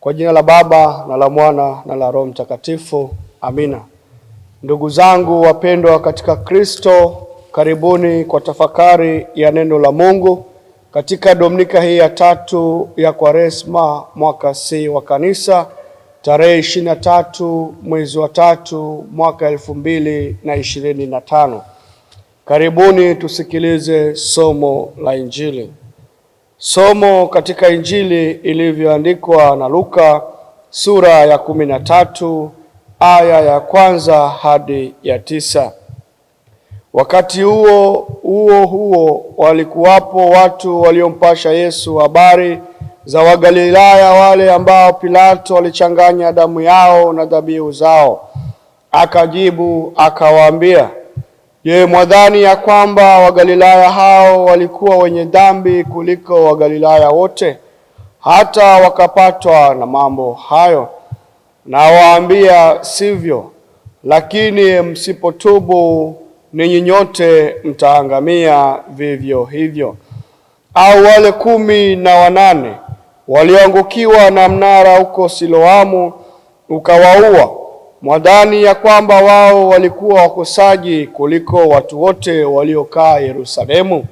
Kwa jina la Baba na la Mwana na la Roho Mtakatifu, amina. Ndugu zangu wapendwa katika Kristo, karibuni kwa tafakari ya neno la Mungu katika dominika hii ya tatu ya Kwaresma mwaka C wa Kanisa, tarehe ishirini na tatu mwezi wa tatu mwaka elfu mbili na ishirini na tano. Karibuni tusikilize somo la Injili. Somo katika Injili ilivyoandikwa na Luka sura ya kumi na tatu aya ya kwanza hadi ya tisa. Wakati huo huo huo walikuwapo watu waliompasha Yesu habari za Wagalilaya wale ambao Pilato alichanganya damu yao na dhabihu zao. Akajibu akawaambia Je, mwadhani ya kwamba Wagalilaya hao walikuwa wenye dhambi kuliko Wagalilaya wote hata wakapatwa na mambo hayo? Nawaambia sivyo, lakini msipotubu ninyi nyote mtaangamia vivyo hivyo. Au wale kumi na wanane walioangukiwa na mnara huko Siloamu ukawaua mwadhani ya kwamba wao walikuwa wakosaji kuliko watu wote waliokaa Yerusalemu?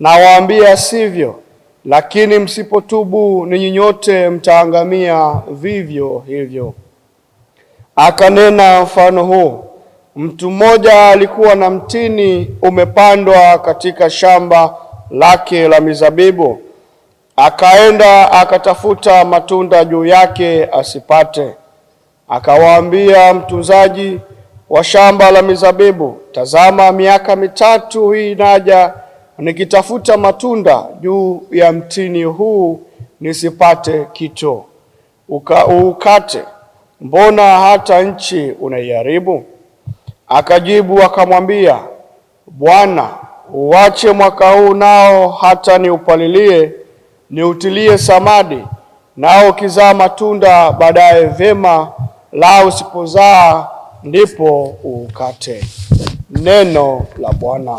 Nawaambia sivyo, lakini msipotubu ninyi nyote mtaangamia vivyo hivyo. Akanena mfano huu: mtu mmoja alikuwa na mtini umepandwa katika shamba lake la mizabibu, akaenda akatafuta matunda juu yake asipate akawaambia mtunzaji wa shamba la mizabibu, tazama, miaka mitatu hii naja nikitafuta matunda juu ya mtini huu nisipate kito. Uka, ukate, mbona hata nchi unaiharibu? Akajibu akamwambia, Bwana, uwache mwaka huu nao hata niupalilie, niutilie samadi, nao ukizaa matunda baadaye vyema la usipozaa ndipo uukate. Neno la Bwana.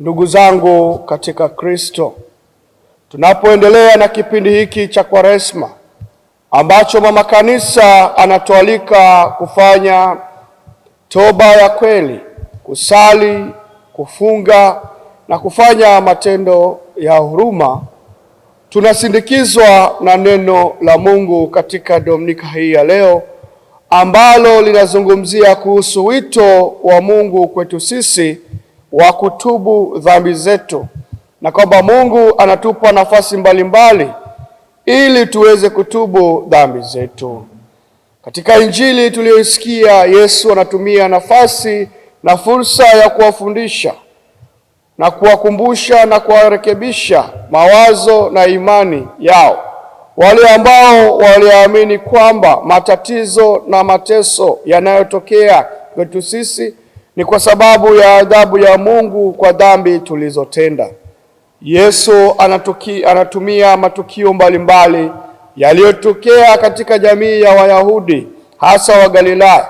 Ndugu zangu katika Kristo, tunapoendelea na kipindi hiki cha Kwaresma ambacho mama kanisa anatualika kufanya toba ya kweli, kusali, kufunga na kufanya matendo ya huruma Tunasindikizwa na neno la Mungu katika Dominika hii ya leo ambalo linazungumzia kuhusu wito wa Mungu kwetu sisi wa kutubu dhambi zetu na kwamba Mungu anatupa nafasi mbalimbali ili tuweze kutubu dhambi zetu. Katika Injili tuliyoisikia, Yesu anatumia nafasi na fursa ya kuwafundisha na kuwakumbusha na kuwarekebisha mawazo na imani yao wale ambao waliamini kwamba matatizo na mateso yanayotokea kwetu sisi ni kwa sababu ya adhabu ya Mungu kwa dhambi tulizotenda. Yesu anatuki, anatumia matukio mbalimbali yaliyotokea katika jamii ya Wayahudi hasa wa Galilaya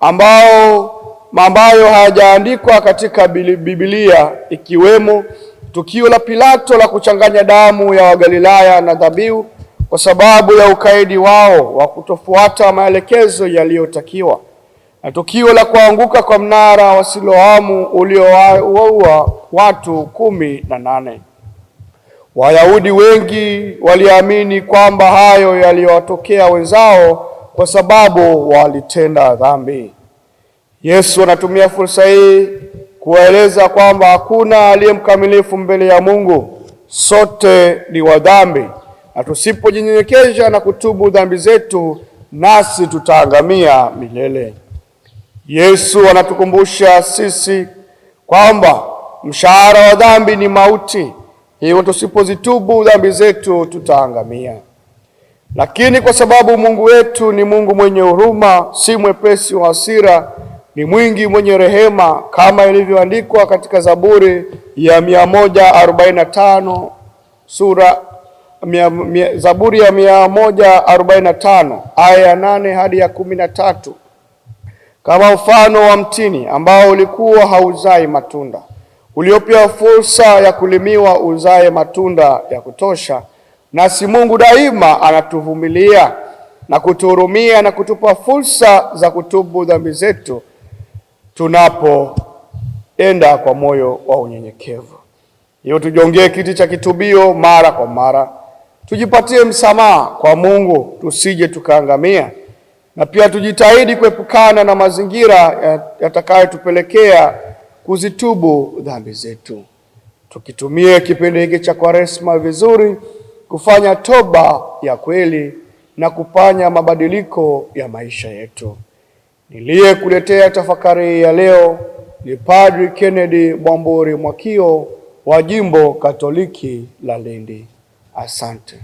ambao ambayo hayajaandikwa katika Biblia, ikiwemo tukio la Pilato la kuchanganya damu ya Wagalilaya na dhabihu kwa sababu ya ukaidi wao wa kutofuata maelekezo yaliyotakiwa na tukio la kuanguka kwa mnara wa Siloamu uliowaua watu kumi na nane. Wayahudi wengi waliamini kwamba hayo yaliwatokea wenzao kwa sababu walitenda dhambi. Yesu anatumia fursa hii kuwaeleza kwamba hakuna aliye mkamilifu mbele ya Mungu, sote ni wadhambi, na tusipojinyenyekesha na kutubu dhambi zetu, nasi tutaangamia milele. Yesu anatukumbusha sisi kwamba mshahara wa dhambi ni mauti, hivyo tusipozitubu dhambi zetu tutaangamia. Lakini kwa sababu Mungu wetu ni Mungu mwenye huruma, si mwepesi wa hasira ni mwingi mwenye rehema, kama ilivyoandikwa katika Zaburi ya 145 sura mia, mia, Zaburi ya 145 aya ya nane hadi ya kumi na tatu kama mfano wa mtini ambao ulikuwa hauzai matunda, uliopewa fursa ya kulimiwa uzae matunda ya kutosha, nasi Mungu daima anatuvumilia na kutuhurumia na kutupa fursa za kutubu dhambi zetu tunapoenda kwa moyo wa unyenyekevu. Hiyo tujongee kiti cha kitubio mara kwa mara, tujipatie msamaha kwa Mungu tusije tukaangamia, na pia tujitahidi kuepukana na mazingira yatakayotupelekea kuzitubu dhambi zetu. Tukitumie kipindi hiki cha Kwaresma vizuri kufanya toba ya kweli na kufanya mabadiliko ya maisha yetu. Niliyekuletea tafakari ya leo ni Padri Kennedy bwamburi Mwakio wa Jimbo Katoliki la Lindi. Asante.